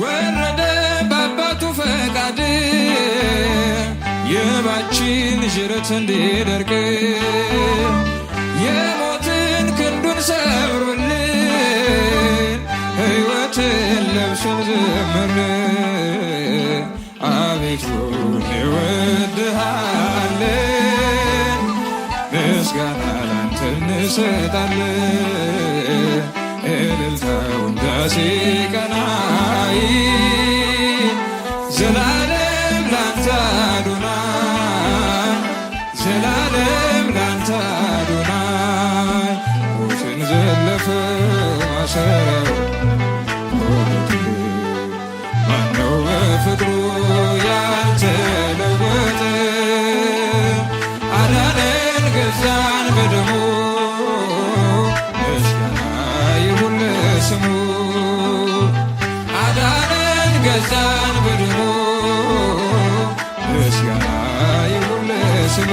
ወረደ በአባቱ ፈቃድ የባችን ጅረት እንዲደርቅ የሞትን ክንዱን ሰብሮልን ሕይወትን ለብሶን ዘመርን። አቤቱ እንወድሃለን፣ ምስጋና ላንተ እንሰጣለን። እልልታው ውዳሴ ቀና ዘላለም ላንተ አዶናይ ዘላለም ላንተ አዶናይ ሞትን ዘለፈ ማሰረው ማነው በፍቅሩ ያልተለወጠ አዳነን ገዛን ተነሳን በድሉ ምስጋና ይሁን ለስሙ